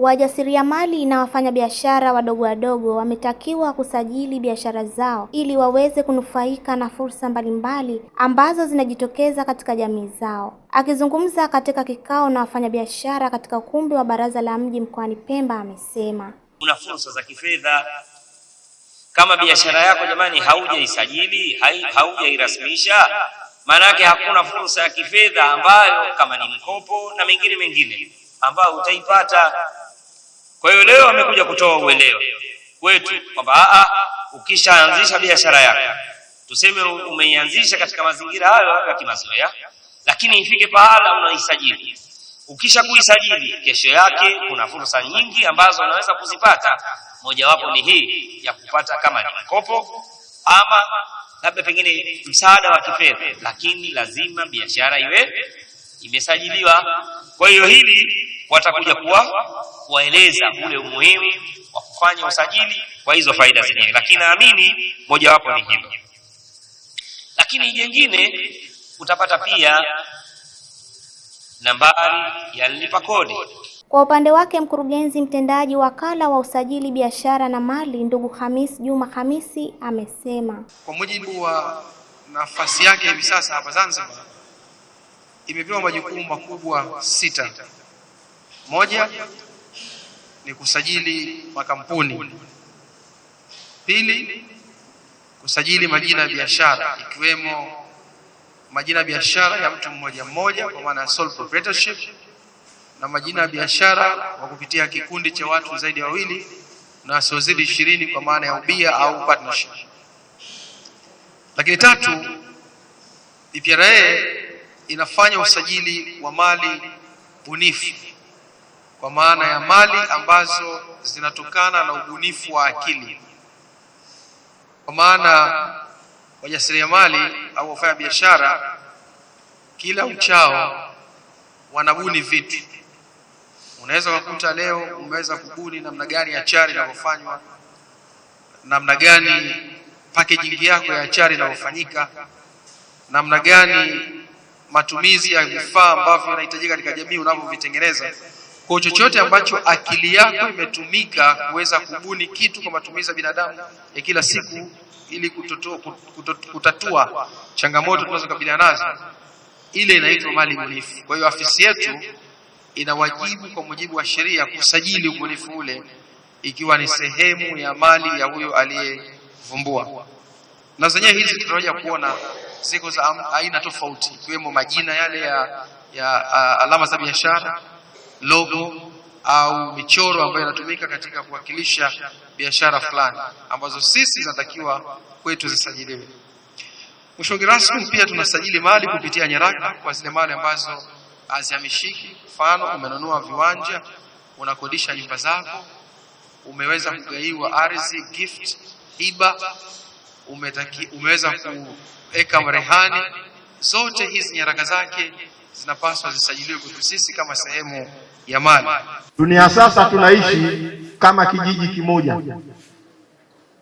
Wajasiriamali na wafanyabiashara wadogo wadogo wametakiwa kusajili biashara zao ili waweze kunufaika na fursa mbalimbali ambazo zinajitokeza katika jamii zao. Akizungumza katika kikao na wafanyabiashara katika ukumbi wa Baraza la Mji mkoani Pemba, amesema kuna fursa za kifedha kama biashara yako jamani, haujaisajili haujairasmisha, maanake hakuna fursa ya kifedha ambayo kama ni mkopo na mengine mengine ambayo utaipata. Kwa hiyo leo amekuja kutoa uelewa kwetu kwamba a a, ukishaanzisha biashara yako, tuseme umeianzisha katika mazingira hayo ya kimazoea, lakini ifike pahala unaisajili. Ukisha kuisajili, kesho yake kuna fursa nyingi ambazo unaweza kuzipata, mojawapo ni hii ya kupata kama ni mkopo ama labda pengine msaada wa kifedha, lakini lazima biashara iwe imesajiliwa. Kwa hiyo hili watakuja kuwa kuwaeleza ule umuhimu wa kufanya usajili kwa hizo faida zenyewe, lakini naamini mojawapo ni hilo. Lakini jengine utapata pia nambari ya lipa kodi. Kwa upande wake mkurugenzi mtendaji wakala wa usajili biashara na mali ndugu Hamis Juma Hamisi amesema kwa mujibu wa nafasi yake hivi sasa hapa Zanzibar imepewa majukumu makubwa sita moja ni kusajili makampuni, pili kusajili majina ya biashara ikiwemo majina ya biashara ya mtu mmoja mmoja kwa maana ya sole proprietorship na majina ya biashara kwa kupitia kikundi cha watu zaidi ya wawili na wasiozidi ishirini kwa maana ya ubia au partnership. Lakini tatu, e PPRA inafanya usajili wa mali bunifu kwa maana ya mali ambazo zinatokana na ubunifu wa akili, kwa maana wajasiriamali au wafanya biashara kila uchao wanabuni vitu. Unaweza kukuta leo umeweza kubuni namna gani achari inavyofanywa, namna gani packaging yako ya achari inavyofanyika, namna gani matumizi ya vifaa ambavyo yanahitajika katika jamii unavyovitengeneza. Kwa chochote ambacho akili yako imetumika kuweza kubuni kitu kwa matumizi ya binadamu ya kila siku ili kutotua, kutotua, kutatua changamoto tunazokabiliana nazo, ile inaitwa mali bunifu. Kwa hiyo afisi yetu ina wajibu kwa mujibu wa sheria kusajili ubunifu ule ikiwa ni sehemu ya mali ya huyo aliyevumbua. Na zenyewe hizi tunaweza kuona ziko za aina tofauti, ikiwemo majina yale ya, ya alama za biashara logo au michoro ambayo inatumika katika kuwakilisha biashara fulani ambazo sisi zinatakiwa kwetu zisajiliwe. Mshauri rasmi pia tunasajili mali kupitia nyaraka kwa zile mali ambazo hazihamishiki. Mfano, umenunua viwanja, unakodisha nyumba zako, umeweza kugaiwa ardhi, gift, hiba, umetaki, umeweza kuweka mrehani. Zote hizi nyaraka zake zinapaswa zisajiliwe kwetu sisi kama sehemu ya mali. Dunia sasa tunaishi kama kijiji kimoja.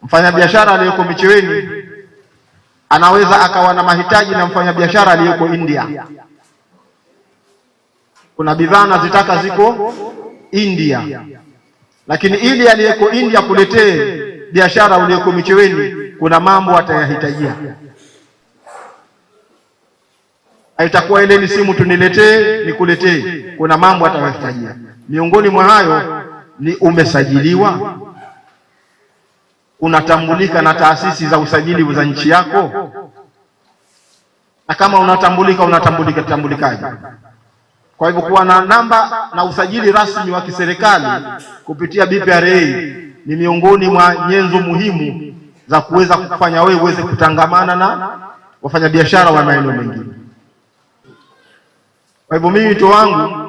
Mfanyabiashara aliyeko Micheweni anaweza akawa na mahitaji na mfanyabiashara aliyeko India. Kuna bidhaa anazitaka ziko India, lakini ili aliyeko India kuletee biashara uliyoko Micheweni, kuna mambo atayahitajia. Haitakuwa ile ni simu tuniletee nikuletee, kuna mambo atawahitajia. Miongoni mwa hayo ni umesajiliwa, unatambulika na taasisi za usajili za nchi yako, na kama unatambulika unatambulika tambulikaje? Kwa hivyo kuwa na namba na usajili rasmi wa kiserikali kupitia BPRA ni miongoni mwa nyenzo muhimu za kuweza kufanya wewe uweze kutangamana na wafanyabiashara wa maeneo mengine. Kwa hivyo mimi wito wangu,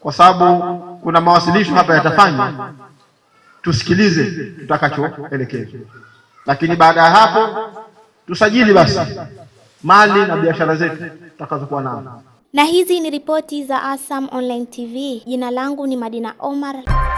kwa sababu kuna mawasilisho hapa yatafanywa, tusikilize tutakachoelekezwa, lakini baada ya hapo tusajili basi mali na biashara zetu tutakazokuwa nazo. Na hizi ni ripoti za ASAM Online TV. Jina langu ni Madina Omar.